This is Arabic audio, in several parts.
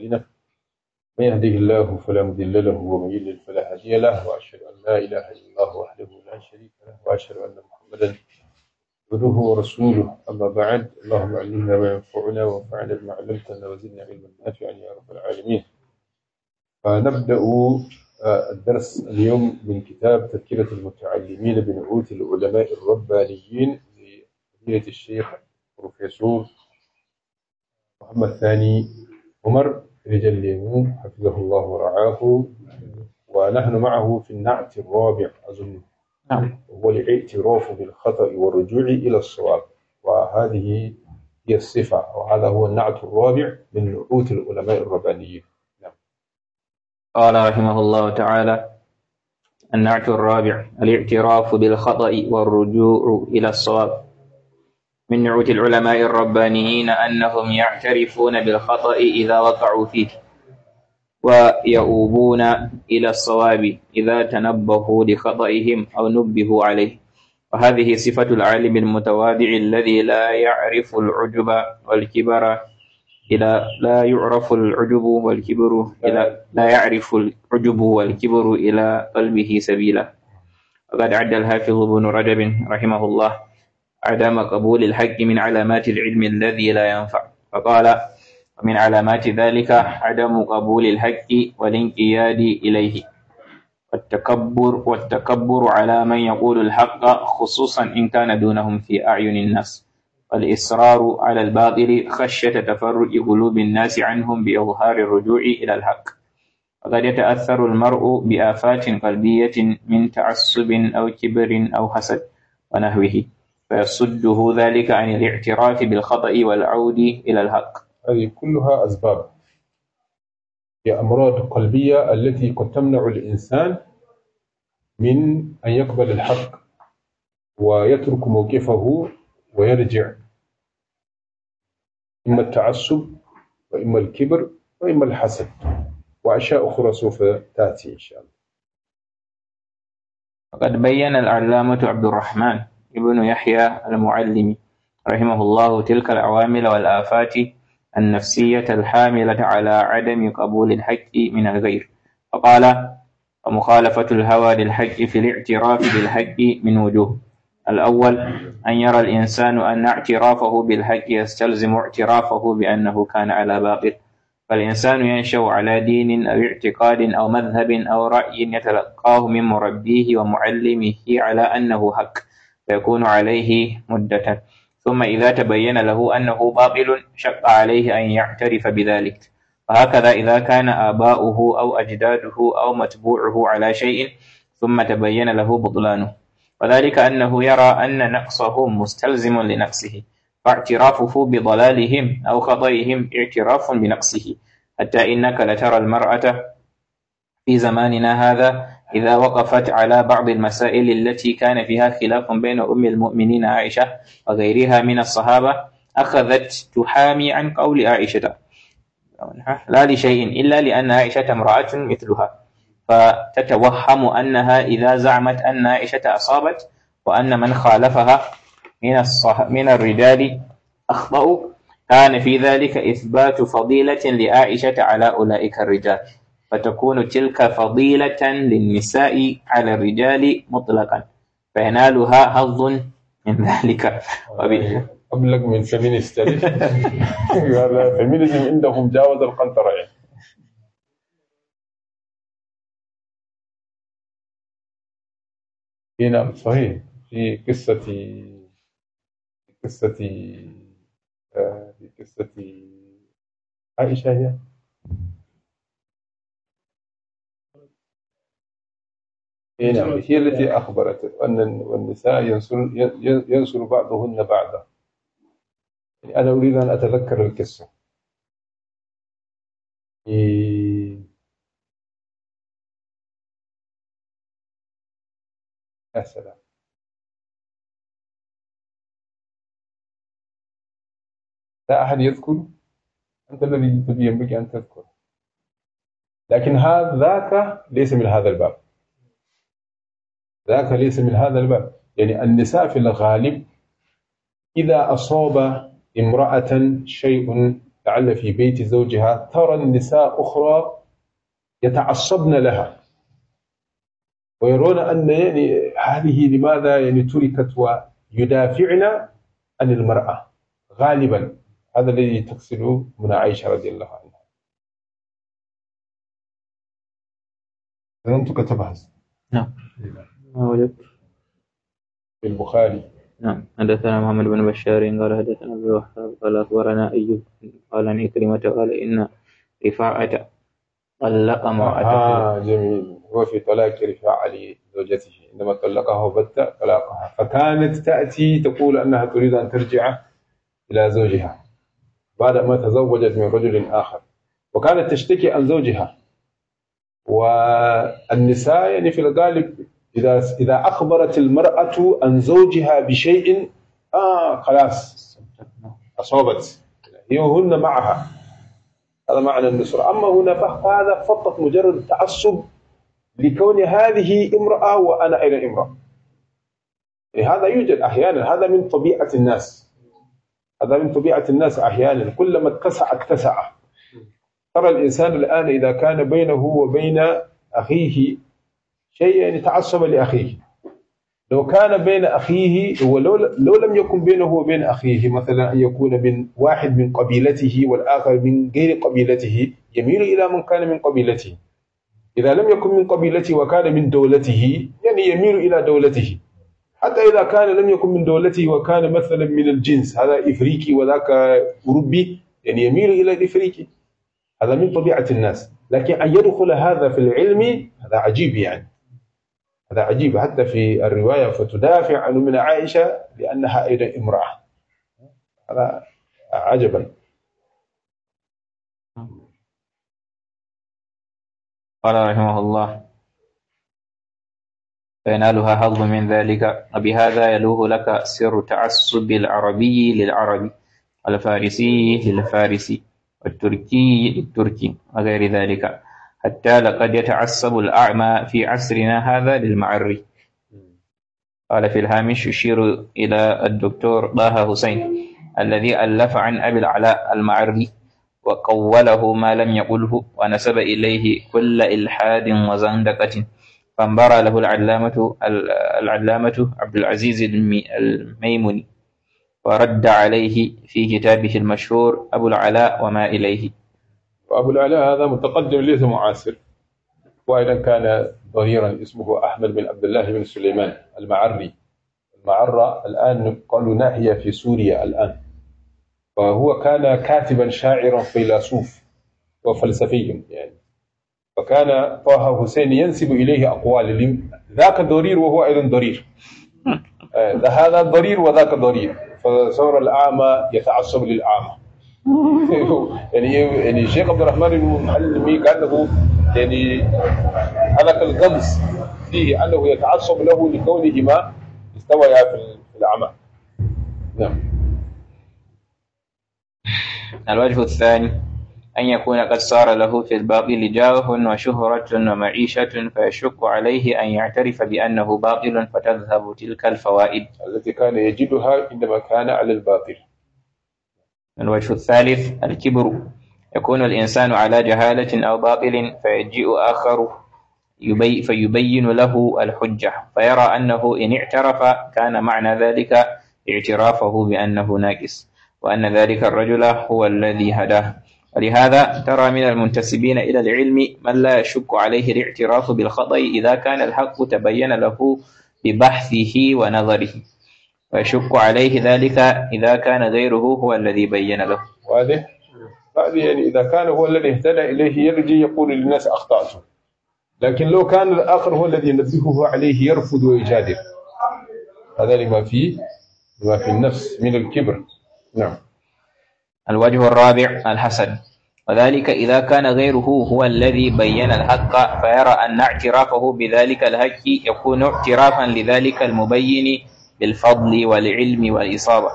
أعمالنا من يهده الله فلا مضل له ومن يضلل فلا هادي له وأشهد أن لا إله إلا الله وحده لا شريك له وأشهد أن محمدا عبده ورسوله أما بعد اللهم علمنا ما ينفعنا وانفعنا بما علمتنا وزدنا علما نافعا يا رب العالمين فنبدأ آه، الدرس اليوم من كتاب تذكرة المتعلمين بنعوت العلماء الربانيين لفضيلة الشيخ بروفيسور محمد ثاني عمر رجل اليمين حفظه الله ورعاه ونحن معه في النعت الرابع أظن نعم هو الاعتراف بالخطأ والرجوع إلى الصواب وهذه هي الصفة وهذا هو النعت الرابع من نعوت العلماء الربانيين نعم. قال رحمه الله تعالى النعت الرابع الاعتراف بالخطأ والرجوع إلى الصواب من نعوت العلماء الربانيين أنهم يعترفون بالخطأ إذا وقعوا فيه ويؤوبون إلى الصواب إذا تنبهوا لخطئهم أو نبهوا عليه وهذه صفة العالم المتواضع الذي لا يعرف العجب والكبر إلى لا يعرف العجب والكبر إلى لا يعرف العجب والكبر إلى قلبه سبيلا وقد عد الحافظ ابن رجب رحمه الله عدم قبول الحق من علامات العلم الذي لا ينفع فقال ومن علامات ذلك عدم قبول الحق والانقياد إليه والتكبر والتكبر على من يقول الحق خصوصا إن كان دونهم في أعين الناس والإصرار على الباطل خشية تفرج قلوب الناس عنهم بإظهار الرجوع إلى الحق وقد يتأثر المرء بآفات قلبية من تعصب أو كبر أو حسد ونحوه فيصده ذلك عن الاعتراف بالخطأ والعود إلى الحق هذه كلها أسباب هي أمراض قلبية التي قد تمنع الإنسان من أن يقبل الحق ويترك موقفه ويرجع إما التعصب وإما الكبر وإما الحسد وأشياء أخرى سوف تأتي إن شاء الله وقد بين العلامة عبد الرحمن ابن يحيى المعلم رحمه الله تلك العوامل والآفات النفسية الحاملة على عدم قبول الحق من الغير فقال ومخالفة الهوى للحق في الاعتراف بالحق من وجوه الأول أن يرى الإنسان أن اعترافه بالحق يستلزم اعترافه بأنه كان على باطل فالإنسان ينشأ على دين أو اعتقاد أو مذهب أو رأي يتلقاه من مربيه ومعلمه على أنه حق فيكون عليه مدة ثم إذا تبين له أنه باطل شق عليه أن يعترف بذلك وهكذا إذا كان آباؤه أو أجداده أو متبوعه على شيء ثم تبين له بطلانه وذلك أنه يرى أن نقصه مستلزم لنفسه فاعترافه بضلالهم أو خطئهم اعتراف بنقصه حتى إنك لترى المرأة في زماننا هذا إذا وقفت على بعض المسائل التي كان فيها خلاف بين أم المؤمنين عائشة وغيرها من الصحابة أخذت تحامي عن قول عائشة لا لشيء إلا لأن عائشة امرأة مثلها فتتوهم أنها إذا زعمت أن عائشة أصابت وأن من خالفها من الصح... من الرجال أخطأوا كان في ذلك إثبات فضيلة لعائشة على أولئك الرجال فتكون تلك فضيلة للنساء على الرجال مطلقا فينالها حظ من ذلك أبلغ من فيمينيست الفيمينيزم عندهم جاوز القنطرة يعني اي نعم صحيح في قصة في قصة آه، في قصة عائشة هي اي نعم هي التي أخبرت أن النساء ينصر ينصر بعضهن بعضا يعني أنا أريد أن أتذكر القصة إيه. يا سلام لا أحد يذكر أنت الذي ينبغي أن تذكر لكن هذا ذاك ليس من هذا الباب ذاك ليس من هذا الباب يعني النساء في الغالب إذا أصاب امرأة شيء لعل في بيت زوجها ترى النساء أخرى يتعصبن لها ويرون أن يعني هذه لماذا يعني تركت ويدافعن عن المرأة غالبا هذا الذي تقصده من عائشة رضي الله عنها لم تكتبها نعم مالك في البخاري نعم حدثنا محمد بن بشار قال حدثنا ابو وهاب قال اخبرنا ايوب قال عن كلمة قال ان رفاعة طلق امرأته آه جميل وفي طلاق رفاعة لزوجته عندما طلقها وبت طلاقها فكانت تأتي تقول أنها تريد أن ترجع إلى زوجها بعد ما تزوجت من رجل آخر وكانت تشتكي عن زوجها والنساء يعني في الغالب إذا إذا أخبرت المرأة عن زوجها بشيء آه خلاص أصابت هي وهن معها هذا معنى النصرة أما هنا فهذا فقط مجرد التعصب لكون هذه امرأة وأنا أيضا امرأة إيه، هذا يوجد أحيانا هذا من طبيعة الناس هذا من طبيعة الناس أحيانا كلما اتسع اتسع ترى الإنسان الآن إذا كان بينه وبين أخيه شيء أن يتعصب لأخيه لو كان بين أخيه ولو لو لم يكن بينه وبين أخيه مثلا أن يكون من واحد من قبيلته والآخر من غير قبيلته يميل إلى من كان من قبيلته إذا لم يكن من قبيلته وكان من دولته يعني يميل إلى دولته حتى إذا كان لم يكن من دولته وكان مثلا من الجنس هذا إفريقي وذاك أوروبي يعني يميل إلى الإفريقي هذا من طبيعة الناس لكن أن يدخل هذا في العلم هذا عجيب يعني هذا عجيب حتى في الرواية فتدافع عن من عائشة لأنها أيضا امرأة هذا عجبا قال رحمه الله فينالها حظ من ذلك وبهذا يلوه لك سر تعصب العربي للعربي الفارسي للفارسي والتركي للتركي وغير ذلك حتى لقد يتعصب الأعمى في عصرنا هذا للمعري قال في الهامش يشير إلى الدكتور طه حسين الذي ألف عن أبي العلاء المعري وقوله ما لم يقله ونسب إليه كل إلحاد وزندقة فانبرى له العلامة العلامة عبد العزيز الميموني ورد عليه في كتابه المشهور أبو العلاء وما إليه فابو العلاء هذا متقدم ليس معاصر وأيضا كان ظهيرا اسمه أحمد بن عبد الله بن سليمان المعري المعرة الآن قالوا ناحية في سوريا الآن فهو كان كاتبا شاعرا فيلسوف وفلسفيا يعني فكان طه حسين ينسب إليه أقوال ذاك ضرير وهو أيضا ضرير آه، هذا ضرير وذاك ضرير فصار الأعمى يتعصب للأعمى يعني يعني الشيخ عبد الرحمن المحلمي كانه يعني هذاك الغمز فيه انه يتعصب له لكونهما استويا في العمى نعم الوجه الثاني أن يكون قد صار له في الباطل جاه وشهرة ومعيشة فيشق عليه أن يعترف بأنه باطل فتذهب تلك الفوائد التي كان يجدها عندما كان على الباطل الوجه الثالث الكبر يكون الإنسان على جهالة أو باطل فيجيء آخر يبي فيبين له الحجة فيرى أنه إن اعترف كان معنى ذلك اعترافه بأنه ناقص وأن ذلك الرجل هو الذي هداه ولهذا ترى من المنتسبين إلى العلم من لا يشك عليه الاعتراف بالخطأ إذا كان الحق تبين له ببحثه ونظره ويشك عليه ذلك إذا كان غيره هو الذي بين له واضح؟ هذه يعني إذا كان هو الذي اهتدى إليه يرجي يقول للناس أخطأت لكن لو كان الآخر هو الذي ينبهه عليه يرفض ويجادل هذا لما فيه لما في النفس من الكبر نعم الوجه الرابع الحسد وذلك إذا كان غيره هو الذي بين الحق فيرى أن اعترافه بذلك الحق يكون اعترافا لذلك المبين بالفضل والعلم والإصابة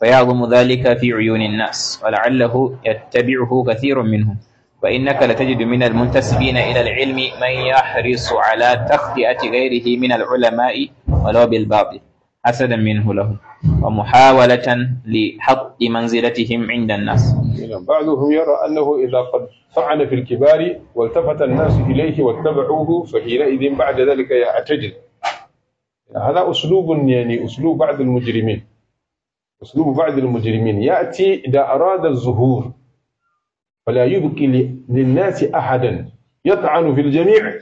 فيعظم ذلك في عيون الناس ولعله يتبعه كثير منهم وإنك لتجد من المنتسبين إلى العلم من يحرص على تخطئة غيره من العلماء ولو بالباطل حسدا منه له ومحاولة لحط منزلتهم عند الناس نعم. بعضهم يرى أنه إذا قد طعن في الكبار والتفت الناس إليه واتبعوه فحينئذ بعد ذلك يعتجل هذا أسلوب يعني أسلوب بعض المجرمين أسلوب بعض المجرمين يأتي إذا أراد الظهور فلا يبكي للناس أحدا يطعن في الجميع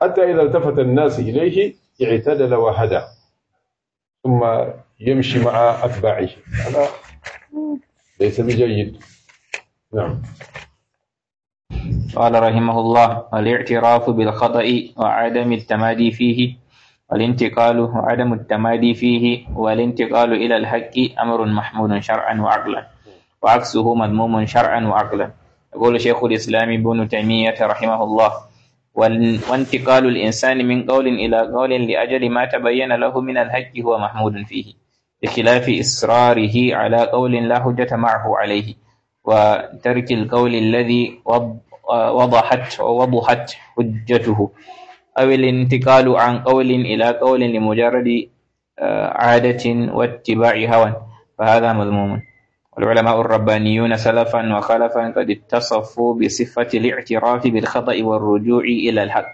حتى إذا التفت الناس إليه اعتدل وهدى ثم يمشي مع أتباعه هذا ليس بجيد نعم قال رحمه الله الاعتراف بالخطأ وعدم التمادي فيه والانتقال عدم التمادي فيه والانتقال إلى الحق أمر محمود شرعا وعقلا وعكسه مذموم شرعا وعقلا يقول شيخ الإسلام ابن تيمية رحمه الله وانتقال الإنسان من قول إلى قول لأجل ما تبين له من الحق هو محمود فيه بخلاف إصراره على قول لا حجة معه عليه وترك القول الذي وضحت ووضحت حجته أو الانتقال عن قول إلى قول لمجرد آه، عادة واتباع هوى فهذا مذموم والعلماء الربانيون سلفا وخلفا قد اتصفوا بصفة الاعتراف بالخطأ والرجوع إلى الحق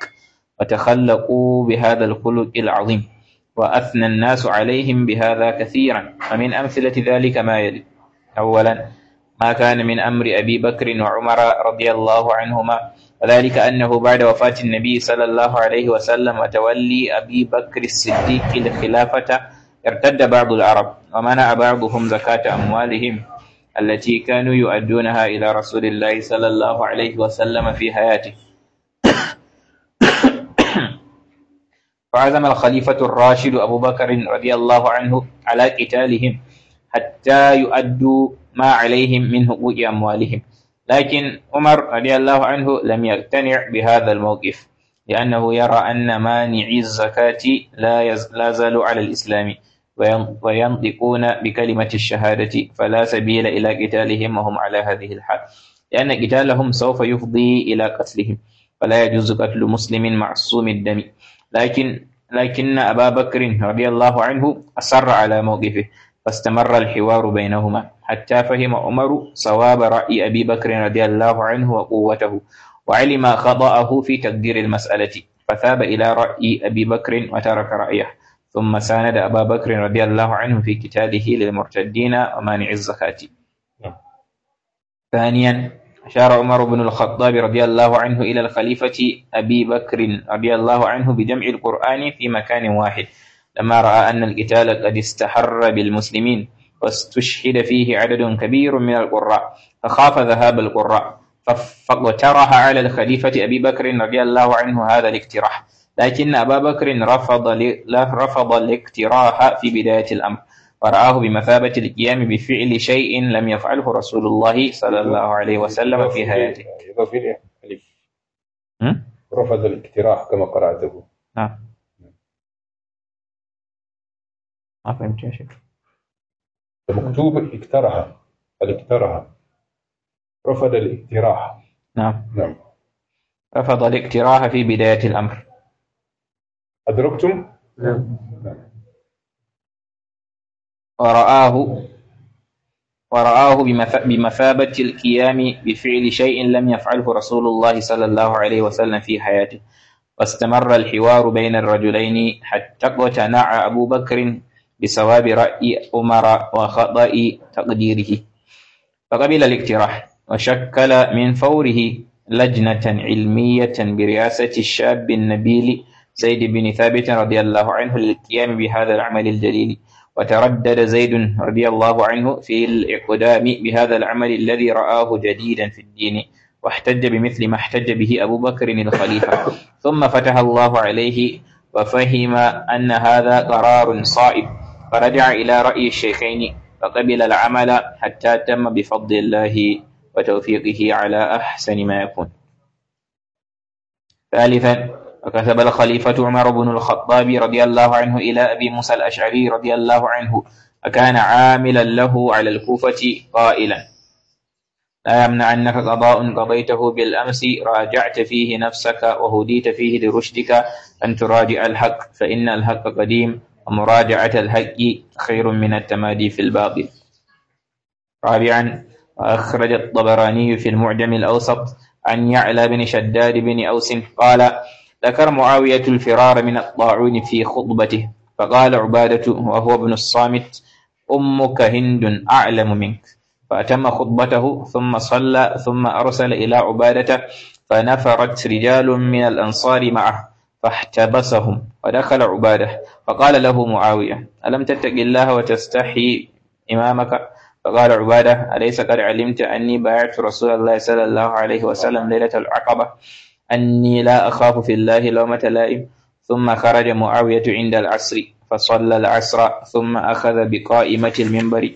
وتخلقوا بهذا الخلق العظيم وأثنى الناس عليهم بهذا كثيرا ومن أمثلة ذلك ما يلي أولا ما كان من أمر أبي بكر وعمر رضي الله عنهما وذلك أنه بعد وفاة النبي صلى الله عليه وسلم وتولي أبي بكر الصديق الخلافة ارتد بعض العرب ومنع بعضهم زكاة أموالهم التي كانوا يؤدونها إلى رسول الله صلى الله عليه وسلم في حياته فعزم الخليفة الراشد أبو بكر رضي الله عنه على قتالهم حتى يؤدوا ما عليهم من حقوق أموالهم لكن عمر رضي الله عنه لم يقتنع بهذا الموقف لأنه يرى أن مانعي الزكاة لا, لا زالوا على الإسلام وينطقون بكلمة الشهادة فلا سبيل إلى قتالهم وهم على هذه الحال لأن قتالهم سوف يفضي إلى قتلهم فلا يجوز قتل مسلم معصوم الدم لكن لكن أبا بكر رضي الله عنه أصر على موقفه فاستمر الحوار بينهما حتى فهم عمر صواب رأي أبي بكر رضي الله عنه وقوته وعلم خطأه في تقدير المسألة فثاب إلى رأي أبي بكر وترك رأيه ثم ساند أبا بكر رضي الله عنه في كتابه للمرتدين ومانع الزكاة نعم. ثانيا أشار عمر بن الخطاب رضي الله عنه إلى الخليفة أبي بكر رضي الله عنه بجمع القرآن في مكان واحد لما رأى أن القتال قد استحر بالمسلمين واستشهد فيه عدد كبير من القراء فخاف ذهاب القراء فاقترح على الخليفة أبي بكر رضي الله عنه هذا الاقتراح لكن أبا بكر رفض رفض الاقتراح في بداية الأمر ورآه بمثابة القيام بفعل شيء لم يفعله رسول الله صلى الله عليه وسلم في حياته رفض الاقتراح كما قرأته نعم ما فهمت يا شيخ مكتوب اقترح الاقترح رفض الاقتراح نعم نعم رفض الاقتراح في بداية الأمر أدركتم؟ نعم, نعم. ورآه ورآه بمثابة القيام بفعل شيء لم يفعله رسول الله صلى الله عليه وسلم في حياته واستمر الحوار بين الرجلين حتى اقتنع أبو بكر بصواب رأي أمر وخطأ تقديره فقبل الاقتراح وشكل من فوره لجنة علمية برئاسة الشاب النبيل زيد بن ثابت رضي الله عنه للقيام بهذا العمل الجليل وتردد زيد رضي الله عنه في الإقدام بهذا العمل الذي رآه جديدا في الدين واحتج بمثل ما احتج به أبو بكر الخليفة ثم فتح الله عليه وفهم أن هذا قرار صائب فرجع إلى رأي الشيخين فقبل العمل حتى تم بفضل الله وتوفيقه على أحسن ما يكون ثالثا وكتب الخليفة عمر بن الخطاب رضي الله عنه إلى أبي موسى الأشعري رضي الله عنه وكان عاملا له على الكوفة قائلا لا يمنعنك قضاء قضيته بالأمس راجعت فيه نفسك وهديت فيه لرشدك أن تراجع الحق فإن الحق قديم ومراجعة الحق خير من التمادي في الباطل رابعا وأخرج الطبراني في المعجم الأوسط عن يعلى بن شداد بن أوس قال ذكر معاوية الفرار من الطاعون في خطبته فقال عبادة وهو ابن الصامت أمك هند أعلم منك فأتم خطبته ثم صلى ثم أرسل إلى عبادة فنفرت رجال من الأنصار معه فاحتبسهم ودخل عبادة فقال له معاوية ألم تتق الله وتستحي إمامك فقال عبادة أليس قد علمت أني بايعت رسول الله صلى الله عليه وسلم ليلة العقبة أني لا أخاف في الله لومة لائم ثم خرج معاوية عند العصر فصلى العصر ثم أخذ بقائمة المنبر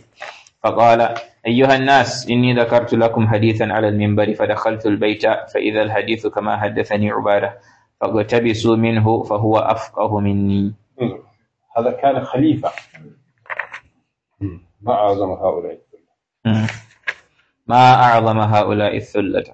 فقال أيها الناس إني ذكرت لكم حديثا على المنبر فدخلت البيت فإذا الحديث كما حدثني عبادة فاقتبسوا منه فهو أفقه مني هذا كان خليفة ما أعظم هؤلاء الثلة ما أعظم هؤلاء الثلة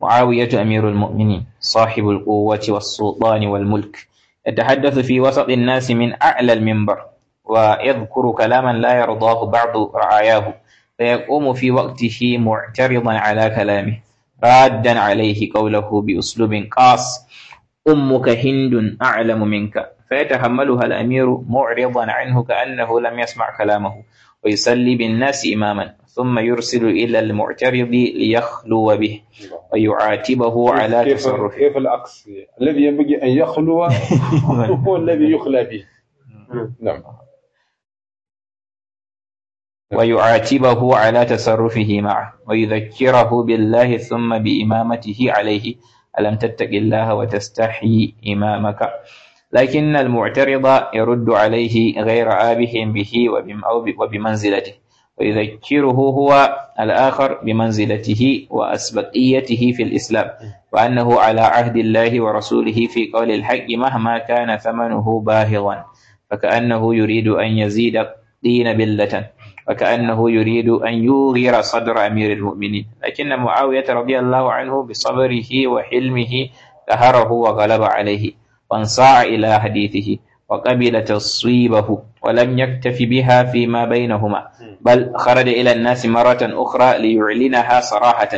معاوية أمير المؤمنين صاحب القوة والسلطان والملك يتحدث في وسط الناس من أعلى المنبر ويذكر كلاما لا يرضاه بعض رعاياه فيقوم في وقته معترضا على كلامه رادا عليه قوله بأسلوب قاس أمك هند أعلم منك فيتحملها الأمير معرضا عنه كأنه لم يسمع كلامه ويصلي بالناس إماما ثم يرسل إلى المعترض ليخلو به ويعاتبه على كيف تصرفه كيف العكس الذي ينبغي أن يخلو هو الذي يخلى به نعم ويعاتبه على تصرفه معه ويذكره بالله ثم بإمامته عليه ألم تتق الله وتستحي إمامك لكن المعترض يرد عليه غير آبه به وبمنزلته ويذكره هو الآخر بمنزلته وأسبقيته في الإسلام وأنه على عهد الله ورسوله في قول الحق مهما كان ثمنه باهظا فكأنه يريد أن يزيد الدين بلة وكأنه يريد أن يوغر صدر أمير المؤمنين لكن معاوية رضي الله عنه بصبره وحلمه قهره وغلب عليه وانصاع إلى حديثه وقبل تصويبه ولم يكتف بها فيما بينهما بل خرج إلى الناس مرة أخرى ليعلنها صراحة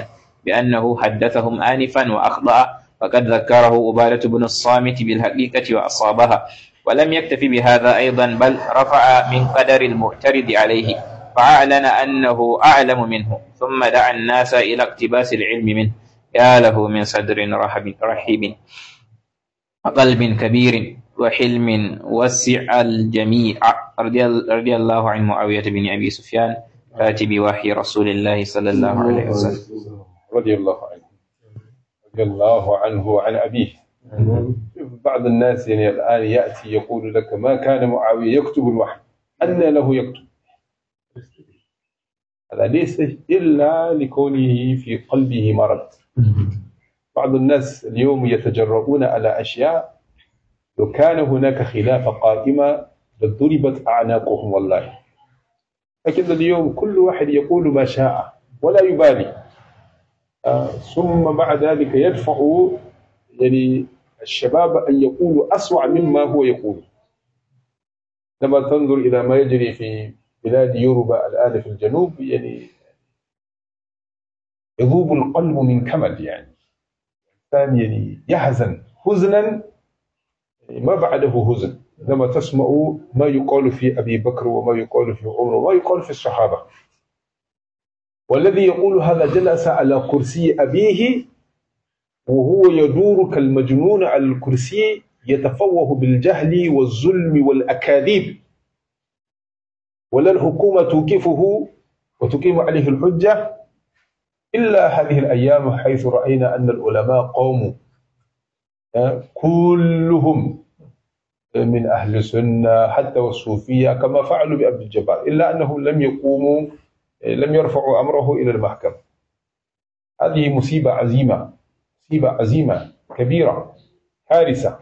بأنه حدثهم آنفا وأخطأ وقد ذكره أبادة بن الصامت بالحقيقة وأصابها ولم يكتف بهذا أيضا بل رفع من قدر المعترض عليه فأعلن أنه أعلم منه ثم دعا الناس إلى اقتباس العلم منه يا له من صدر رحب رحيم وقلب كبير وحلم وسع الجميع رضي الله عن معاوية بن أبي سفيان كاتب وحي رسول الله صلى الله عليه وسلم رضي الله عنه رضي الله عنه وعن أبيه بعض الناس يعني الآن يأتي يقول لك ما كان معاوية يكتب الوحي أن له يكتب هذا ليس إلا لكونه في قلبه مرض بعض الناس اليوم يتجرؤون على أشياء لو كان هناك خلاف قائمة لضربت أعناقهم والله لكن اليوم كل واحد يقول ما شاء ولا يبالي آه، ثم بعد ذلك يدفع يعني الشباب أن يقولوا أسوأ مما هو يقول لما تنظر إلى ما يجري في بلاد يوروبا الآن في الجنوب يعني يذوب القلب من كمد يعني يعني يحزن حزنا يعني ما بعده حزن عندما تسمع ما يقال في أبي بكر وما يقال في عمر وما يقال في الصحابة والذي يقول هذا جلس على كرسي أبيه وهو يدور كالمجنون على الكرسي يتفوه بالجهل والظلم والأكاذيب ولا الحكومة توقفه وتقيم عليه الحجة إلا هذه الأيام حيث رأينا أن العلماء قوموا كلهم من أهل السنة حتى والصوفية كما فعلوا بأبي الجبار إلا أنهم لم يقوموا لم يرفعوا أمره إلى المحكمة هذه مصيبة عظيمة مصيبة عظيمة كبيرة كارثة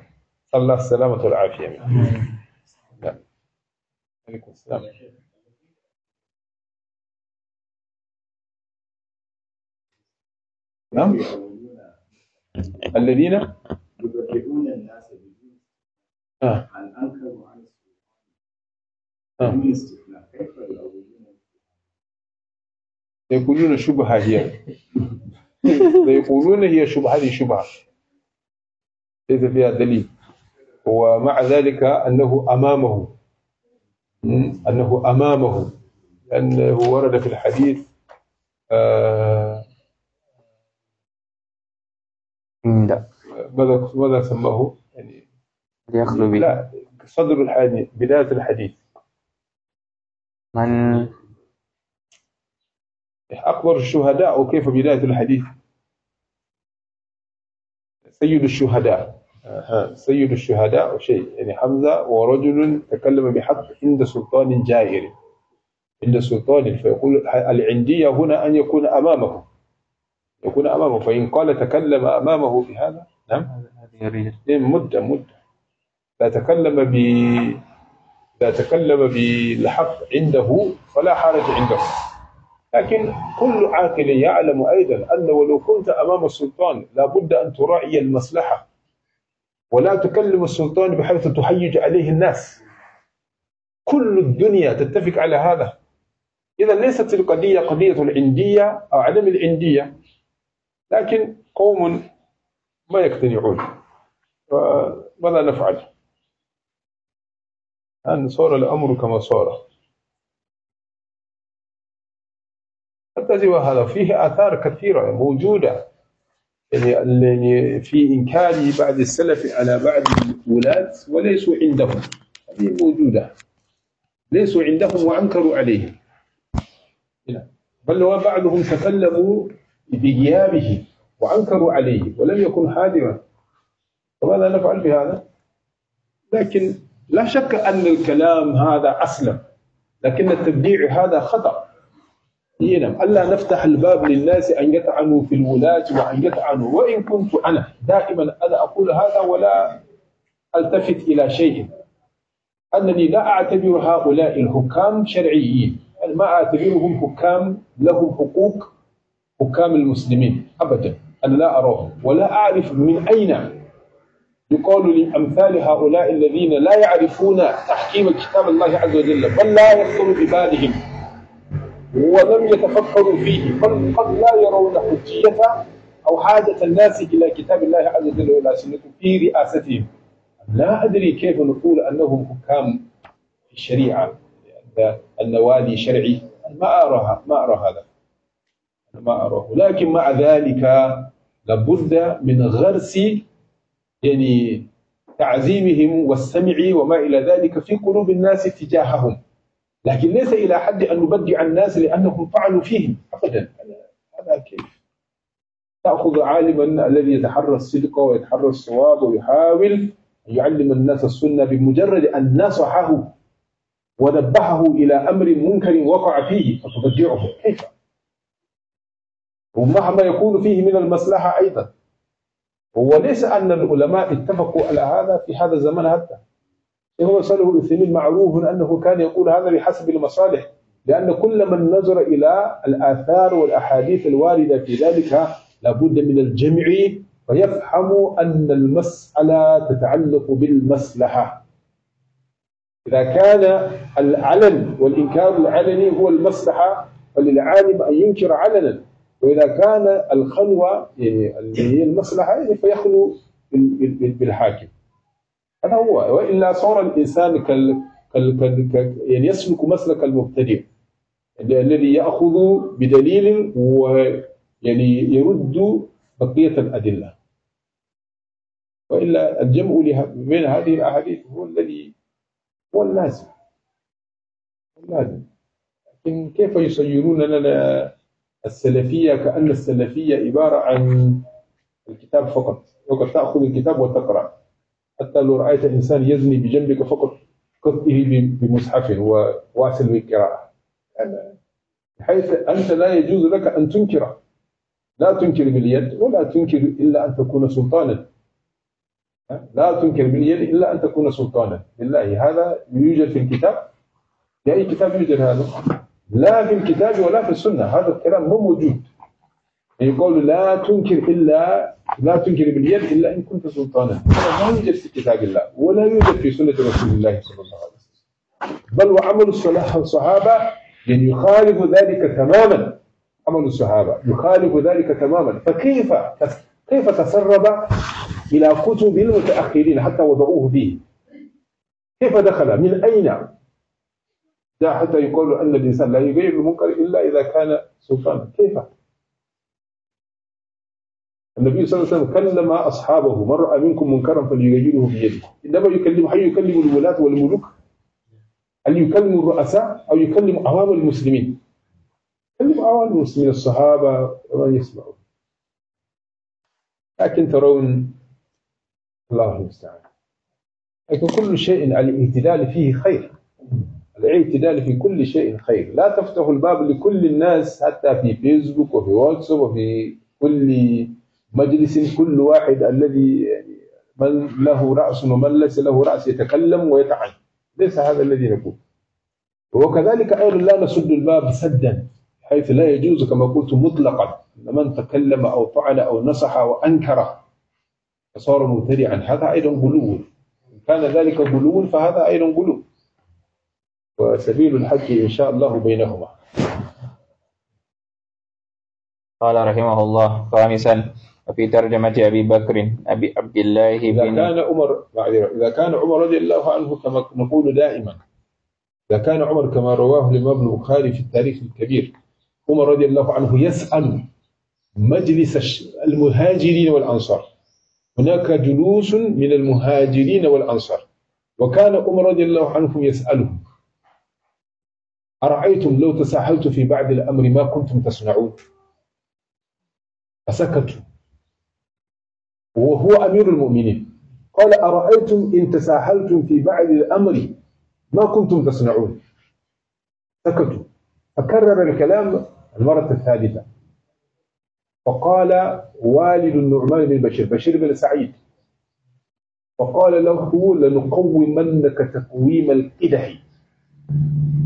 صلى الله السلامة والعافية نعم. عليكم السلام نعم الذين يبرئون الناس بالجنس آه. عن انكر وعن آه. من استثناء كيف يقولون شبهه هي يقولون هي شبهه هذه شبهه ليس فيها دليل ومع ذلك انه امامه انه امامه لانه ورد في الحديث آه ماذا ماذا سماه يعني ليخلو به لا صدر الحديث بداية الحديث من أكبر الشهداء وكيف بداية الحديث سيد الشهداء آه، سيد الشهداء وشيء يعني حمزة ورجل تكلم بحق عند سلطان جائر عند سلطان فيقول العندية هنا أن يكون أمامه يكون أمامه فإن قال تكلم أمامه بهذا نعم هذه مده مده اذا تكلم ب اذا تكلم بالحق عنده فلا حرج عنده لكن كل عاقل يعلم ايضا ان ولو كنت امام السلطان لابد ان تراعي المصلحه ولا تكلم السلطان بحيث تحيج عليه الناس كل الدنيا تتفق على هذا اذا ليست القضيه قضيه العنديه او عدم العنديه لكن قوم ما يقتنعون فماذا نفعل أن صار الأمر كما صار التزم هذا فيه آثار كثيرة موجودة يعني, يعني في إنكار بعض السلف على بعض الولاة وليسوا عندهم هذه موجودة ليسوا عندهم وأنكروا عليهم بل وبعضهم تكلموا بغيابه وأنكروا عليه ولم يكن حادما فماذا نفعل بهذا؟ لكن لا شك أن الكلام هذا أسلم لكن التبديع هذا خطأ إيه نعم ألا نفتح الباب للناس أن يطعنوا في الولاة وأن يطعنوا وإن كنت أنا دائما أنا أقول هذا ولا ألتفت إلى شيء أنني لا أعتبر هؤلاء الحكام شرعيين أنا ما أعتبرهم حكام لهم حقوق حكام المسلمين أبدا أن لا أراه ولا أعرف من أين يقال لأمثال هؤلاء الذين لا يعرفون تحكيم كتاب الله عز وجل بل لا يخطر ببالهم ولم يتفكروا فيه بل قد لا يرون حجية أو حاجة الناس إلى كتاب الله عز وجل ولا سنة في رئاستهم لا أدري كيف نقول أنهم حكام في الشريعة لأن النوادي شرعي ما أرى ما أرى هذا ما أراه لكن مع ذلك لابد من غرس يعني تعظيمهم والسمع وما إلى ذلك في قلوب الناس تجاههم لكن ليس إلى حد أن نبدع الناس لأنهم فعلوا فيهم أبدا هذا كيف تأخذ عالما الذي يتحرى الصدق ويتحرى الصواب ويحاول أن يعلم الناس السنة بمجرد أن نصحه ونبهه إلى أمر منكر وقع فيه فتبدعه كيف ومهما يكون فيه من المصلحة أيضا هو ليس أن العلماء اتفقوا على هذا في هذا الزمن حتى هو صالح العثيمين معروف أنه كان يقول هذا بحسب المصالح لأن كل من نظر إلى الآثار والأحاديث الواردة في ذلك لابد من الجمع فيفهم أن المسألة تتعلق بالمصلحة إذا كان العلن والإنكار العلني هو المصلحة فللعالم أن ينكر علنا وإذا كان الخلوة يعني اللي هي المصلحة يعني فيخلو بالحاكم هذا هو وإلا صار الإنسان كال كال كال يعني يسلك مسلك المبتدئ الذي يأخذ بدليل و يعني يرد بقية الأدلة وإلا الجمع بين هذه الأحاديث هو الذي هو اللازم اللازم لكن كيف يسيرون لنا السلفية كأن السلفية عبارة عن الكتاب فقط فقط تأخذ الكتاب وتقرأ حتى لو رأيت إنسان يزني بجنبك فقط قطئه بمصحفه وواصل بالقراءة يعني بحيث أنت لا يجوز لك أن تنكر لا تنكر باليد ولا تنكر إلا أن تكون سلطانا لا تنكر باليد إلا أن تكون سلطانا لله هذا يوجد في الكتاب في أي كتاب يوجد هذا لا في الكتاب ولا في السنة هذا الكلام مو موجود يقول يعني لا تنكر إلا لا تنكر باليد إلا إن كنت سلطانا هذا ما يوجد في كتاب الله ولا يوجد في سنة رسول الله صلى الله عليه وسلم بل وعمل الصحابة يعني يخالف ذلك تماما عمل الصحابة يخالف ذلك تماما فكيف كيف تسرب إلى كتب المتأخرين حتى وضعوه فيه كيف دخل من أين جاء حتى يقول أن الإنسان لا يبيع المنكر إلا إذا كان سلطانا كيف؟ النبي صلى الله عليه وسلم كلم أصحابه من رأى منكم منكرا فليغيره بيده إنما يكلم هل يكلم الولاة والملوك؟ هل يكلم الرؤساء أو يكلم عوام المسلمين؟ كلم عوام المسلمين الصحابة ومن يسمعون لكن ترون الله المستعان لكن كل شيء على الاعتدال فيه خير الاعتدال في كل شيء خير لا تفتح الباب لكل الناس حتى في فيسبوك وفي واتساب وفي كل مجلس كل واحد الذي يعني من له رأس ومن ليس له رأس يتكلم ويتعلم ليس هذا الذي نقول وكذلك أيضا لا نسد الباب سدا حيث لا يجوز كما قلت مطلقا أن من تكلم أو فعل أو نصح وأنكر فصار مبتدعا هذا أيضا غلو إن كان ذلك غلو فهذا أيضا غلو وسبيل الحج إن شاء الله بينهما قال رحمه الله خامسا وفي ترجمة أبي بكر أبي عبد الله بن إذا كان عمر إذا كان عمر رضي الله عنه كما نقول دائما إذا كان عمر كما رواه الإمام البخاري في التاريخ الكبير عمر رضي الله عنه يسأل مجلس المهاجرين والأنصار هناك جلوس من المهاجرين والأنصار وكان عمر رضي الله عنهم يسألهم أرأيتم لو تساهلت في بعض الأمر ما كنتم تصنعون فسكتوا وهو أمير المؤمنين قال أرأيتم إن تساهلتم في بعض الأمر ما كنتم تصنعون سكتوا فكرر الكلام المرة الثالثة فقال والد النعمان بن بشير بشير بن سعيد فقال له لنقومنك تقويم القدح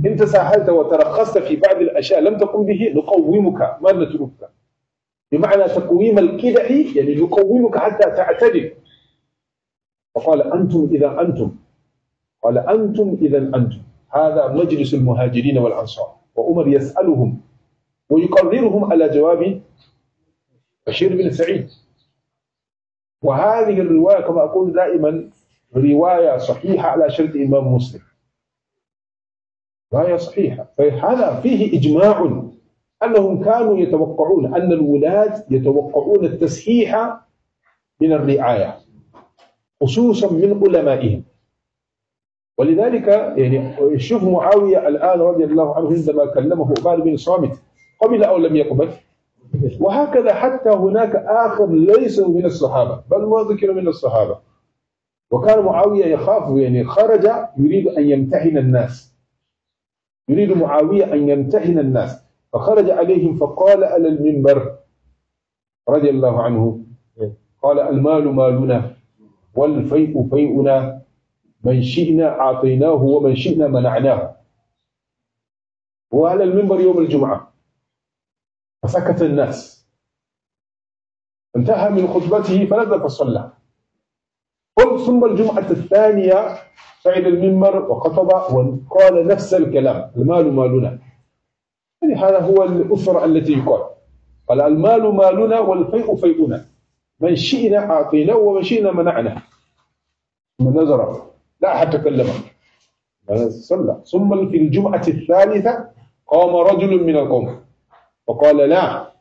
إن تساهلت وترخصت في بعض الأشياء لم تقم به نقومك ما نتركك بمعنى تقويم الكدح يعني نقومك حتى تعتدل فقال أنتم إذا أنتم قال أنتم إذا أنتم هذا مجلس المهاجرين والأنصار وعمر يسألهم ويقررهم على جواب بشير بن سعيد وهذه الرواية كما أقول دائما رواية صحيحة على شرط إمام مسلم غاية صحيحة فهذا فيه إجماع أنهم كانوا يتوقعون أن الولاة يتوقعون التسحيح من الرعاية خصوصا من علمائهم ولذلك يعني شوف معاوية الآن رضي الله عنه عندما كلمه قال بن صامت قبل أو لم يقبل وهكذا حتى هناك آخر ليس من الصحابة بل ما ذكر من الصحابة وكان معاوية يخاف يعني خرج يريد أن يمتحن الناس يريد معاوية أن يمتحن الناس فخرج عليهم فقال على المنبر رضي الله عنه قال المال مالنا والفيء فيئنا من شئنا أعطيناه ومن شئنا منعناه وعلى المنبر يوم الجمعة فسكت الناس انتهى من خطبته فنزل فصلى قل ثم الجمعة الثانية صعد المنبر وخطب وقال نفس الكلام المال مالنا يعني هذا هو الأسرة التي يقال قال المال مالنا والفيء فيئنا من شئنا أعطينا ومن شئنا منعنا من نظر لا أحد تكلم صلى ثم في الجمعة الثالثة قام رجل من القوم فقال لا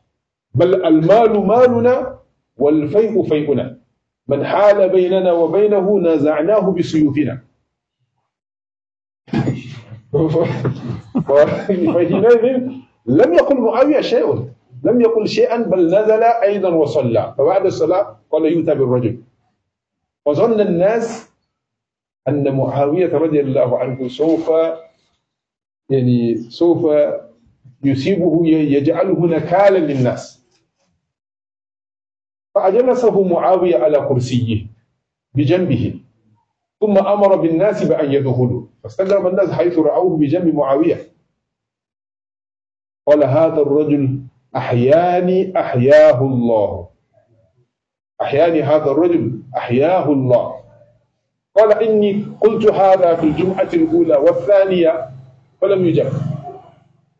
بل المال مالنا والفيء فيئنا من حال بيننا وبينه نازعناه بسيوفنا لم يقل معاوية شيء لم يقل شيئا بل نزل أيضا وصلى فبعد الصلاة قال يؤتى بالرجل وظن الناس أن معاوية رضي الله عنه سوف يعني سوف يصيبه يجعله نكالا للناس فأجلسه معاوية على كرسيه بجنبه ثم أمر بالناس بأن يدخلوا فاستجرب الناس حيث رأوه بجنب معاوية قال هذا الرجل أحياني أحياه الله أحياني هذا الرجل أحياه الله قال إني قلت هذا في الجمعة الأولى والثانية فلم يجب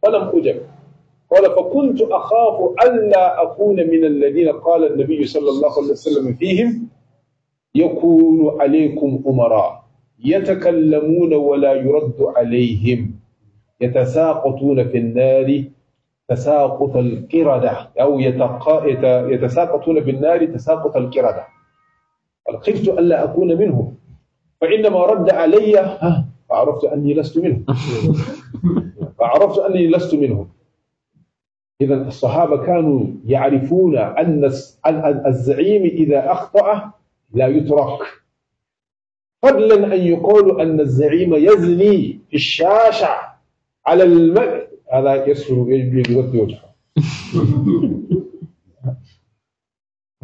فلم أجب قال فكنت أخاف ألا أكون من الذين قال النبي صلى الله عليه وسلم فيهم يكون عليكم أمراء يتكلمون ولا يرد عليهم يتساقطون في النار تساقط القردة أو يتقا... يت... يتساقطون في النار تساقط القردة خفت ألا أكون منهم فإنما رد علي فعرفت أني لست منهم فعرفت أني لست منهم إذا الصحابة كانوا يعرفون أن الزعيم إذا أخطأ لا يترك فضلا أن يقول أن الزعيم يزني في الشاشة على الم هذا يسر يغطي وجهه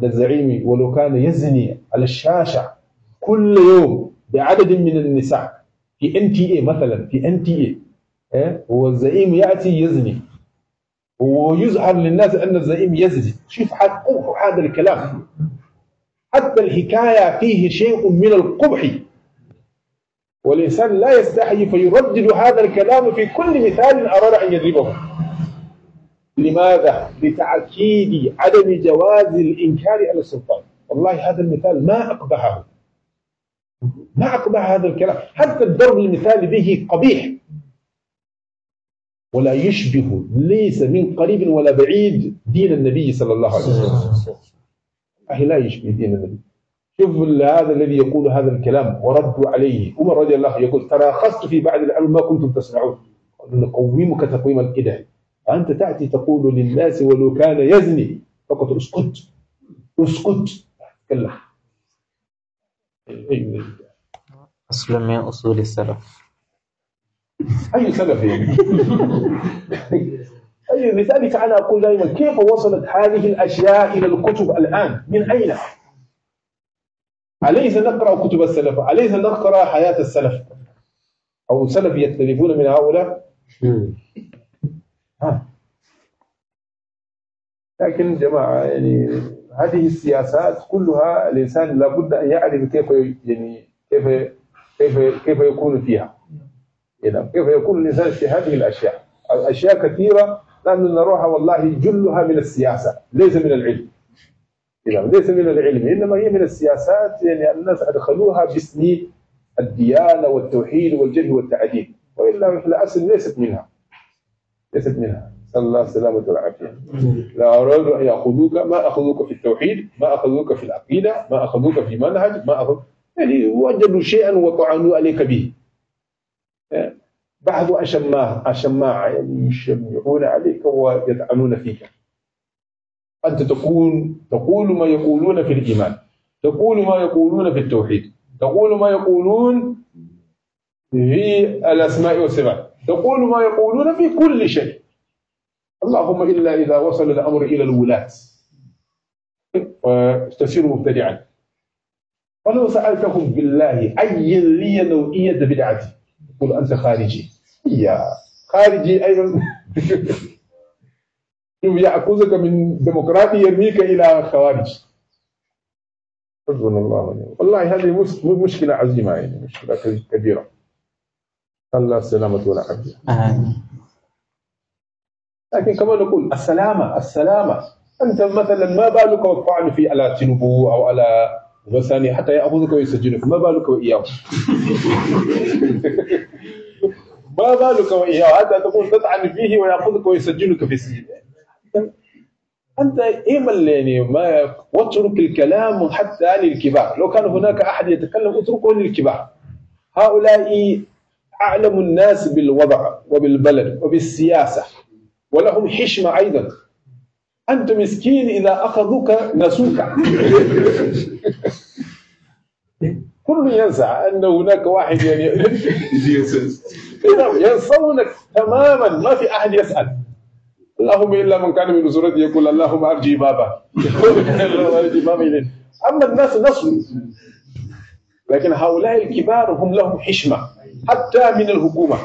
الزعيم ولو كان يزني على الشاشة كل يوم بعدد من النساء في ان تي اي مثلا في ان تي اي هو الزعيم ياتي يزني ويظهر للناس ان الزعيم يزني شوف حقوق هذا الكلام حتى الحكاية فيه شيء من القبح والإنسان لا يستحي فيردد هذا الكلام في كل مثال أراد أن يضربه لماذا؟ لتعكيد عدم جواز الإنكار على السلطان والله هذا المثال ما أقبحه ما أقبح هذا الكلام حتى الضرب المثال به قبيح ولا يشبه ليس من قريب ولا بعيد دين النبي صلى الله عليه وسلم أهي لا يشبه دين النبي شوف هذا الذي يقول هذا الكلام وردوا عليه عمر رضي الله يقول تراخصت في بعض العلم ما كنتم تسمعون نقومك تقويم الإله فأنت تأتي تقول للناس ولو كان يزني فقط اسكت اسكت كلا أيوة. أصل من أصول السلف أي سلف يعني طيب، لذلك أنا أقول دائما كيف وصلت هذه الأشياء إلى الكتب الآن من أين؟ أليس نقرأ كتب السلف؟ أليس نقرأ حياة السلف؟ أو السلف يختلفون من هؤلاء؟ ها. لكن جماعة يعني هذه السياسات كلها الإنسان لابد أن يعرف كيف يعني كيف كيف كيف يكون فيها يعني كيف يكون الإنسان في هذه الأشياء أشياء كثيرة لأن نروح والله جلها من السياسة ليس من العلم إذا ليس من العلم إنما هي من السياسات يعني الناس أدخلوها باسم الديانة والتوحيد والجد والتعديل وإلا في الأصل ليست منها ليست منها نسأل الله السلامة والعافية لا أراد أن يأخذوك ما أخذوك في التوحيد ما أخذوك في العقيدة ما أخذوك في منهج ما أخذ يعني وجدوا شيئا وطعنوا عليك به بعض أشماع أشماع يعني يشمعون عليك ويطعنون فيك أنت تكون تقول ما يقولون في الإيمان تقول ما يقولون في التوحيد تقول ما يقولون في الأسماء والصفات تقول ما يقولون في كل شيء اللهم إلا إذا وصل الأمر إلى الولاة وتسير مبتدعا ولو سألتهم بالله أي لي نوعية بدعتي يقول أنت خارجي يا خارجي أيضا يأخذك من ديمقراطي يرميك إلى خوارج حسبنا الله والله هذه مشكلة عظيمة يعني مشكلة كبيرة الله السلامة والعافية آمين لكن كما نقول السلامة السلامة أنت مثلا ما بالك وقعني في على تنبو أو على وثانية حتى يأخذك ويسجنك ما بالك وإياه ما بالك وإياه حتى تقول تطعن فيه ويأخذك ويسجنك في السجن أنت إيمن يعني ما واترك الكلام حتى للكبار لو كان هناك أحد يتكلم اتركه للكبار هؤلاء أعلم الناس بالوضع وبالبلد وبالسياسة ولهم حشمة أيضا أنت مسكين إذا أخذوك نسوك كل ينسى أن هناك واحد يعني ينسونك تماما ما في أحد يسأل اللهم إلا من كان من أسرتي يقول اللهم أرجي بابا أما الناس نسوا لكن هؤلاء الكبار هم لهم حشمة حتى من الحكومة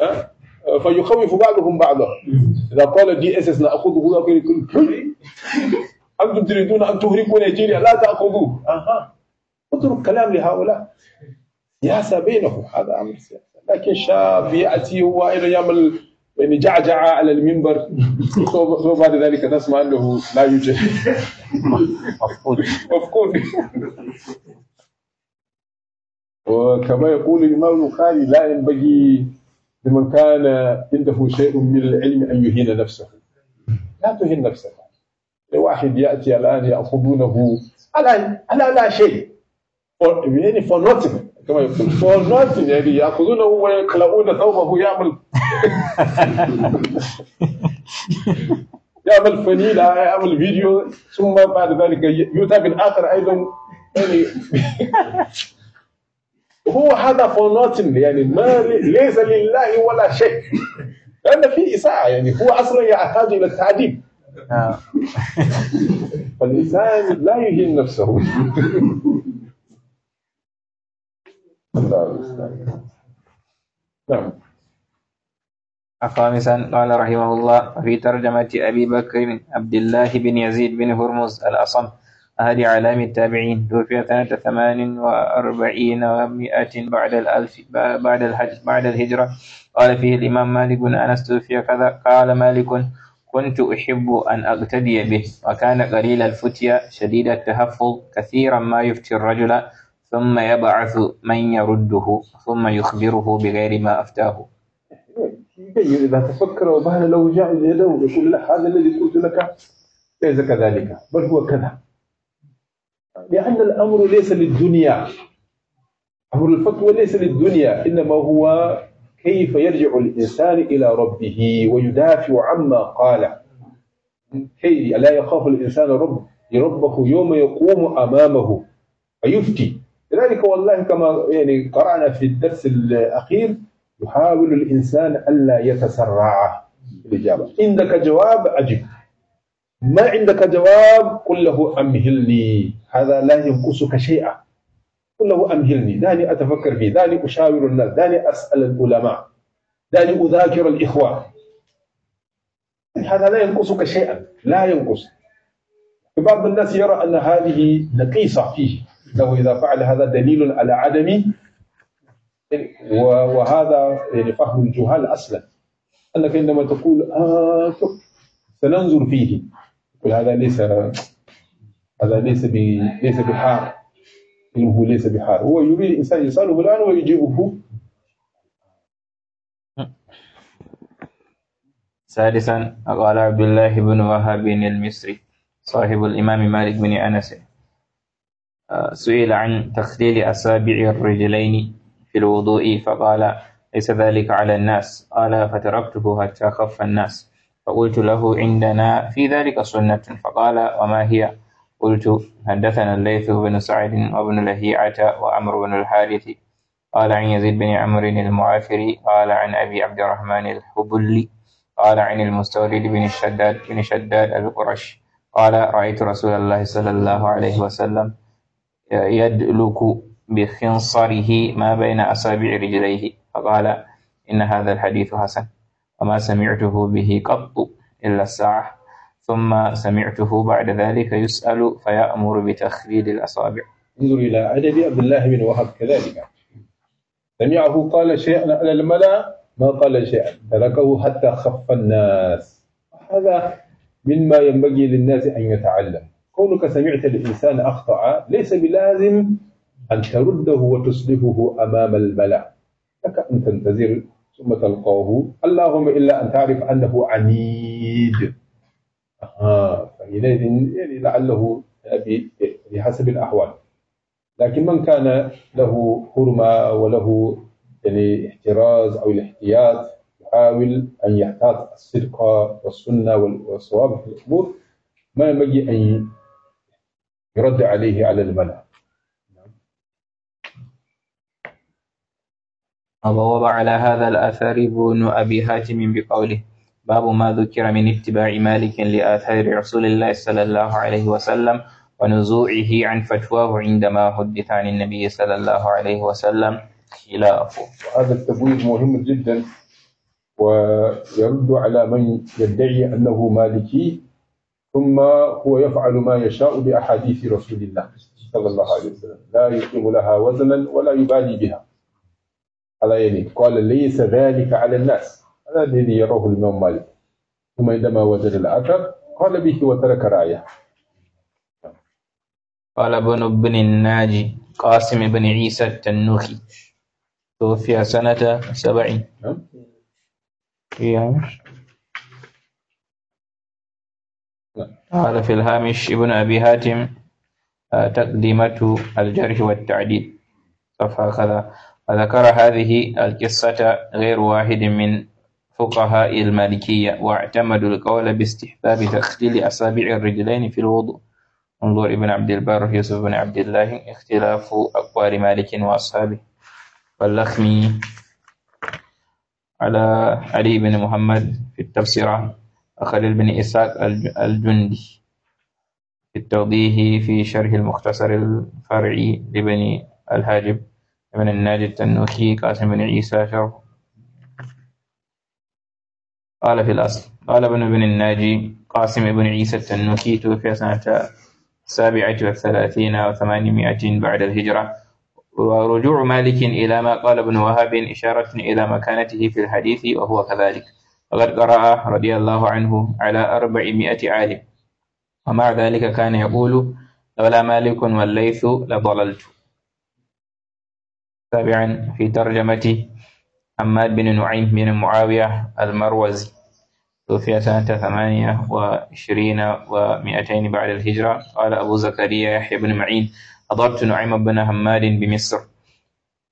أه؟ فيخوف بعضهم بعضا اذا قال دي اس اس ناخذه كل انتم تريدون ان تهلكوا نيجيريا لا تاخذوه اها اترك كلام لهؤلاء سياسه بينهم هذا امر سياسي لكن شاب ياتي هو الى يعمل يعني جعجع على المنبر ثم بعد ذلك نسمع انه لا يوجد مفقود مفقود وكما يقول الامام البخاري لا ينبغي لمن كان عنده شيء من العلم أن يهين نفسه لا تهين نفسك لواحد يأتي الآن يأخذونه الآن على لا شيء يعني for nothing كما يقول for nothing يعني يأخذونه ويقلعون ثوبه يعمل يعمل فنيلة يعمل فيديو ثم بعد ذلك يتابع الآخر أيضا يعني هو هذا فور يعني ما ليس لله ولا شيء لان في اساءه يعني هو اصلا يحتاج الى التعذيب آه. فالانسان لا يهين نفسه نعم خامسا قال رحمه الله في ترجمة أبي بكر عبد الله بن يزيد بن هرمز الأصم أهل علام التابعين توفي سنة ثمان وأربعين ومائة بعد الألف بعد الحج بعد الهجرة قال فيه الإمام مالك أنس توفي كذا قال مالك كنت أحب أن أقتدي به وكان قليل الفتية شديد التهفظ كثيرا ما يفتي الرجل ثم يبعث من يرده ثم يخبره بغير ما أفتاه إذا تفكر وبهل لو جاء يده يقول له هذا الذي قلت لك ليس كذلك بل هو كذا لأن الأمر ليس للدنيا أمر الفتوى ليس للدنيا إنما هو كيف يرجع الإنسان إلى ربه ويدافع عما قال كي لا يخاف الإنسان رب ربه يوم يقوم أمامه فيفتي لذلك والله كما يعني قرأنا في الدرس الأخير يحاول الإنسان ألا يتسرع الإجابة عندك جواب أجب ما عندك جواب قل له أمهلني هذا لا ينقصك شيئا قل له أمهلني دعني أتفكر فيه دعني أشاور الناس دعني أسأل العلماء دعني أذاكر الإخوة هذا لا ينقصك شيئا لا ينقص بعض الناس يرى أن هذه نقيصة فيه لو إذا فعل هذا دليل على عدم وهذا يعني فهم الجهال أصلا أنك عندما تقول آه سننظر فيه هذا ليس هذا ليس ب... ليس بحار علمه ليس بحار هو يريد الإنسان يسأله الآن ويجيبه سادسا قال عبد الله بن وهاب المصري صاحب الإمام مالك بن أنس آه، سئل عن تخليل أصابع الرجلين في الوضوء فقال ليس ذلك على الناس قال فتركته حتى خف الناس فقلت له عندنا في ذلك سنة فقال وما هي قلت حدثنا الليث بن سعد وابن لهيعة وعمر بن الحارث قال عن يزيد بن عمرو المعافري قال عن أبي عبد الرحمن الحبلي قال عن المستورد بن الشداد بن شداد القرش قال رأيت رسول الله صلى الله عليه وسلم يدلك بخنصره ما بين أصابع رجليه فقال إن هذا الحديث حسن وما سمعته به قط إلا الساعة ثم سمعته بعد ذلك يسأل فيأمر بتخليد الأصابع انظر إلى عدد عبد الله بن وهب كذلك سمعه قال شيئا على الملأ ما قال شيئا تركه حتى خف الناس هذا مما ينبغي للناس أن يتعلم كونك سمعت الإنسان أخطأ ليس بلازم أن ترده وتصلحه أمام الملأ لك أن تنتظر ثم تلقاه اللهم إلا أن تعرف أنه عنيد آه فحينئذ يعني لعله بحسب الأحوال لكن من كان له حرمة وله يعني احتراز أو الاحتياط يحاول أن يحتاط الصدق والسنة والصواب في الأمور ما ينبغي أن يرد عليه على الملأ وبوب على هذا الأثر ابن أبي هاتم بقوله باب ما ذكر من اتباع مالك لآثار رسول الله صلى الله عليه وسلم ونزوعه عن فتواه عندما حدث عن النبي صلى الله عليه وسلم خلافه هذا التبويب مهم جدا ويرد على من يدعي أنه مالكي ثم هو يفعل ما يشاء بأحاديث رسول الله صلى الله عليه وسلم لا يقيم لها وزنا ولا يبالي بها على يعني قال ليس ذلك على الناس هذا الذي يراه الإمام مالك ثم عندما وجد الأثر قال به وترك رأيه قال ابن ابن الناجي قاسم بن عيسى التنوخي توفي سنة سبعين نعم. قال في الهامش ابن أبي هاتم تقديمته الجرح والتعديل صفحة خلا وذكر هذه القصة غير واحد من فقهاء المالكية واعتمدوا القول باستحباب تخليل أصابع الرجلين في الوضوء انظر ابن عبد البر يوسف بن عبد الله اختلاف أقوال مالك وأصحابه واللخمي على علي بن محمد في التفسيرة وخليل بن إسحاق الجندي في التوضيح في شرح المختصر الفرعي لبني الهاجب ابن الناجي التنوخي قاسم بن عيسى شر قال في الأصل قال ابن ابن الناجي قاسم بن عيسى التنوخي توفي سنة السابعة والثلاثين وثمانمائة بعد الهجرة ورجوع مالك إلى ما قال ابن وهب إشارة إلى مكانته في الحديث وهو كذلك وقد قرأ رضي الله عنه على أربعمائة عالم ومع ذلك كان يقول لولا مالك والليث لضللت تابعا في ترجمة حماد بن نعيم بن معاوية المروزي توفي سنة ثمانية وعشرين ومائتين بعد الهجرة قال أبو زكريا يحيى بن معين حضرت نعيم بن حماد بمصر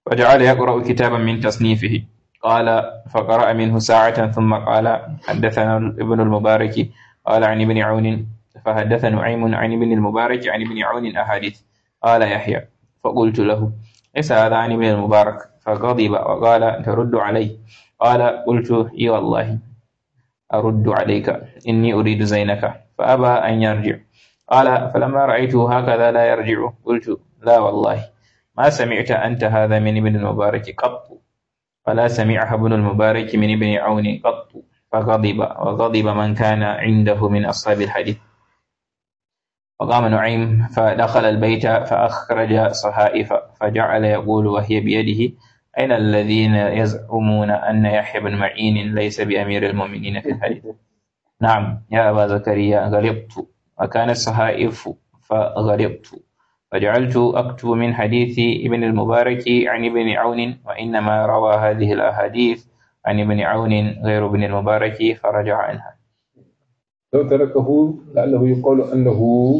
فجعل يقرأ كتابا من تصنيفه قال فقرأ منه ساعة ثم قال حدثنا ابن المبارك قال عن ابن عون فحدث نعيم عن ابن المبارك عن ابن عون أحاديث قال يحيى فقلت له ليس هذا عن ابن المبارك فغضب وقال ترد علي قال قلت اي والله أرد عليك إني أريد زينك فأبى أن يرجع قال فلما رأيته هكذا لا يرجع قلت لا والله ما سمعت أنت هذا من ابن المبارك قط فلا سمعها ابن المبارك من ابن عون قط فغضب وغضب من كان عنده من أصحاب الحديث فقام نعيم فدخل البيت فأخرج صحائف فجعل يقول وهي بيده أين الذين يزعمون أن يحيى بن معين ليس بأمير المؤمنين في الحديث نعم يا أبا زكريا غلبت وكانت صحائف فغلبت وجعلت أكتب من حديث ابن المبارك عن ابن عون وإنما روى هذه الأحاديث عن ابن عون غير ابن المبارك فرجع عنها لو تركه لعله يقال أنه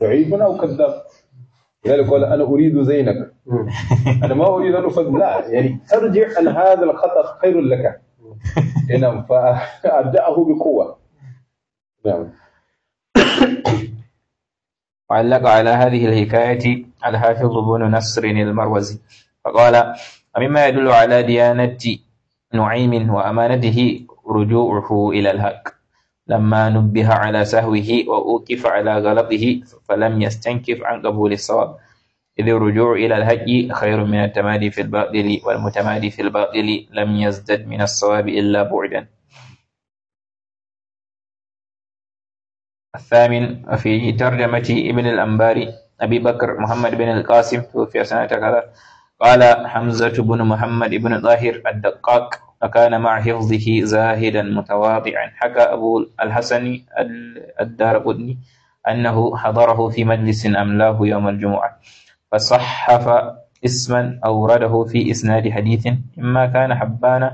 ضعيف أو كذاب لذلك قال أنا أريد زينك أنا ما أريد أن أفهم لا يعني ارجع ان هذا الخطأ خير لك نعم فأبدأه بقوة نعم وعلق على هذه الحكاية الحافظ بن نصر المروزي فقال مما يدل على ديانة نعيم وأمانته رجوعه إلى الحق لما نبه على سهوه وأوقف على غلطه فلم يستنكف عن قبول الصواب إذ الرجوع إلى الهج خير من التمادي في الباطل والمتمادي في الباطل لم يزدد من الصواب إلا بعدا الثامن في ترجمة ابن الأنباري أبي بكر محمد بن القاسم توفي سنة كذا قال حمزة بن محمد بن ظاهر الدقاق فكان مع حفظه زاهدا متواضعا حكى أبو الحسن قدني أنه حضره في مجلس أملاه يوم الجمعة فصحف اسما أورده في إسناد حديث إما كان حبان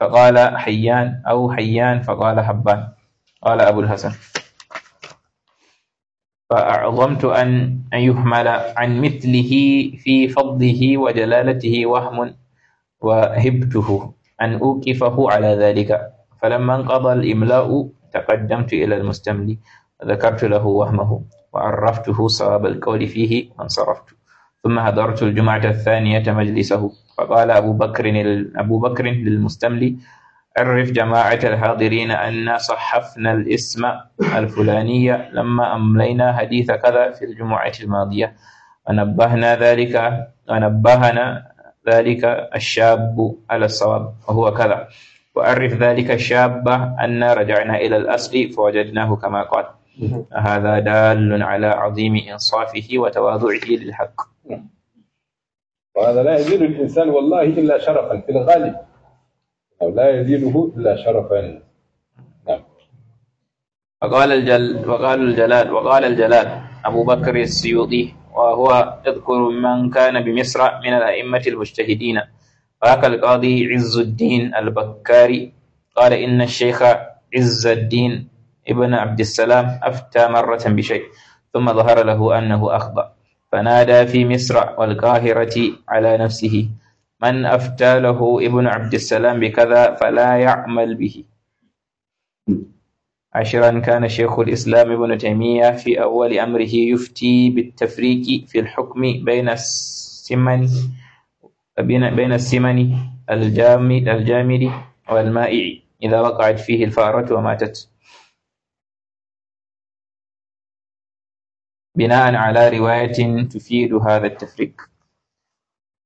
فقال حيان أو حيان فقال حبان قال أبو الحسن فأعظمت أن يحمل عن مثله في فضله وجلالته وهم وهبته أن أوقفه على ذلك فلما انقضى الإملاء تقدمت إلى المستملي وذكرت له وهمه وعرفته صواب القول فيه وانصرفت ثم هدرت الجمعة الثانية مجلسه فقال أبو بكر أبو بكر للمستملي عرف جماعة الحاضرين أن صحفنا الاسم الفلانية لما أملينا حديث كذا في الجمعة الماضية ونبهنا ذلك ونبهنا ذلك الشاب على الصواب وهو كذا وعرف ذلك الشاب أن رجعنا إلى الأصل فوجدناه كما قال هذا دال على عظيم إنصافه وتواضعه للحق وهذا لا يزيل الإنسان والله إلا شرفا في الغالب أو لا يزيله إلا شرفا نعم وقال الجل وقال الجلال وقال الجلال أبو بكر السيوطي وهو يذكر من كان بمصر من الأئمة المجتهدين وهكذا القاضي عز الدين البكاري قال إن الشيخ عز الدين ابن عبد السلام أفتى مرة بشيء ثم ظهر له أنه أخضى فنادى في مصر والقاهرة على نفسه من أفتى له ابن عبد السلام بكذا فلا يعمل به عشرا كان شيخ الإسلام ابن تيمية في أول أمره يفتي بالتفريق في الحكم بين السمن بين السمن الجامد الجامد والمائع إذا وقعت فيه الفأرة وماتت بناء على رواية تفيد هذا التفريق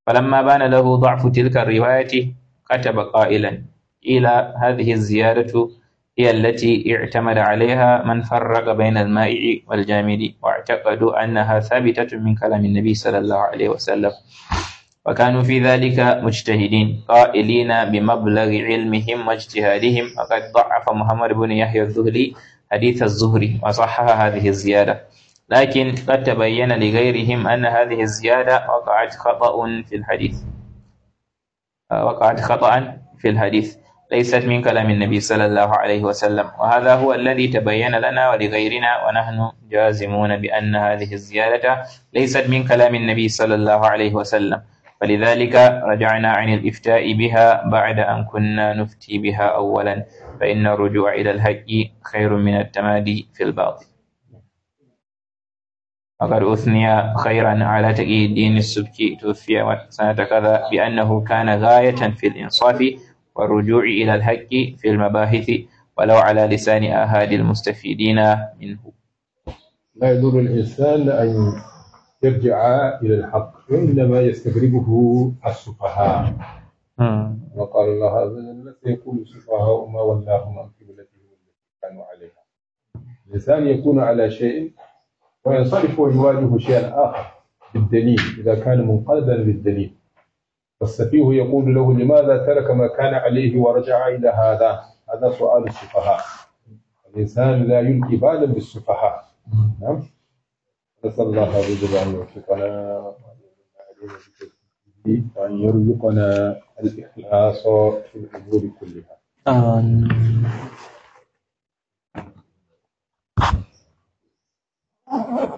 فلما بان له ضعف تلك الرواية كتب قائلا إلى هذه الزيادة هي التي اعتمد عليها من فرق بين المائع والجامد واعتقدوا أنها ثابتة من كلام النبي صلى الله عليه وسلم وكانوا في ذلك مجتهدين قائلين بمبلغ علمهم واجتهادهم وقد ضعف محمد بن يحيى الذهلي حديث الزهري وصحح هذه الزيادة لكن قد تبين لغيرهم أن هذه الزيادة وقعت خطأ في الحديث وقعت خطأ في الحديث ليست من كلام النبي صلى الله عليه وسلم وهذا هو الذي تبين لنا ولغيرنا ونحن جازمون بأن هذه الزيادة ليست من كلام النبي صلى الله عليه وسلم فلذلك رجعنا عن الإفتاء بها بعد أن كنا نفتي بها أولا فإن الرجوع إلى الهي خير من التمادي في الباطل وقد أثني خيرا على تقي الدين السبكي توفي سنة كذا بأنه كان غاية في الإنصاف والرجوع إلى الحق في المباحث ولو على لسان أهالي المستفيدين منه لا يضر الإنسان أن يرجع إلى الحق وإنما يستغربه السفهاء وقال الله عز وجل يقول السفهاء ما ولاهم عن قبلتهم التي كانوا عليها الإنسان يكون على شيء وينصرف ويواجه شيئا آخر بالدليل إذا كان منقلبا بالدليل فالسفيه يقول له لماذا ترك ما كان عليه ورجع إلى هذا هذا سؤال السفهاء الإنسان لا يلقي بالا بالسفهاء نعم نسأل الله عز وجل أن يوفقنا وأن يرزقنا الإخلاص في الأمور كلها آمين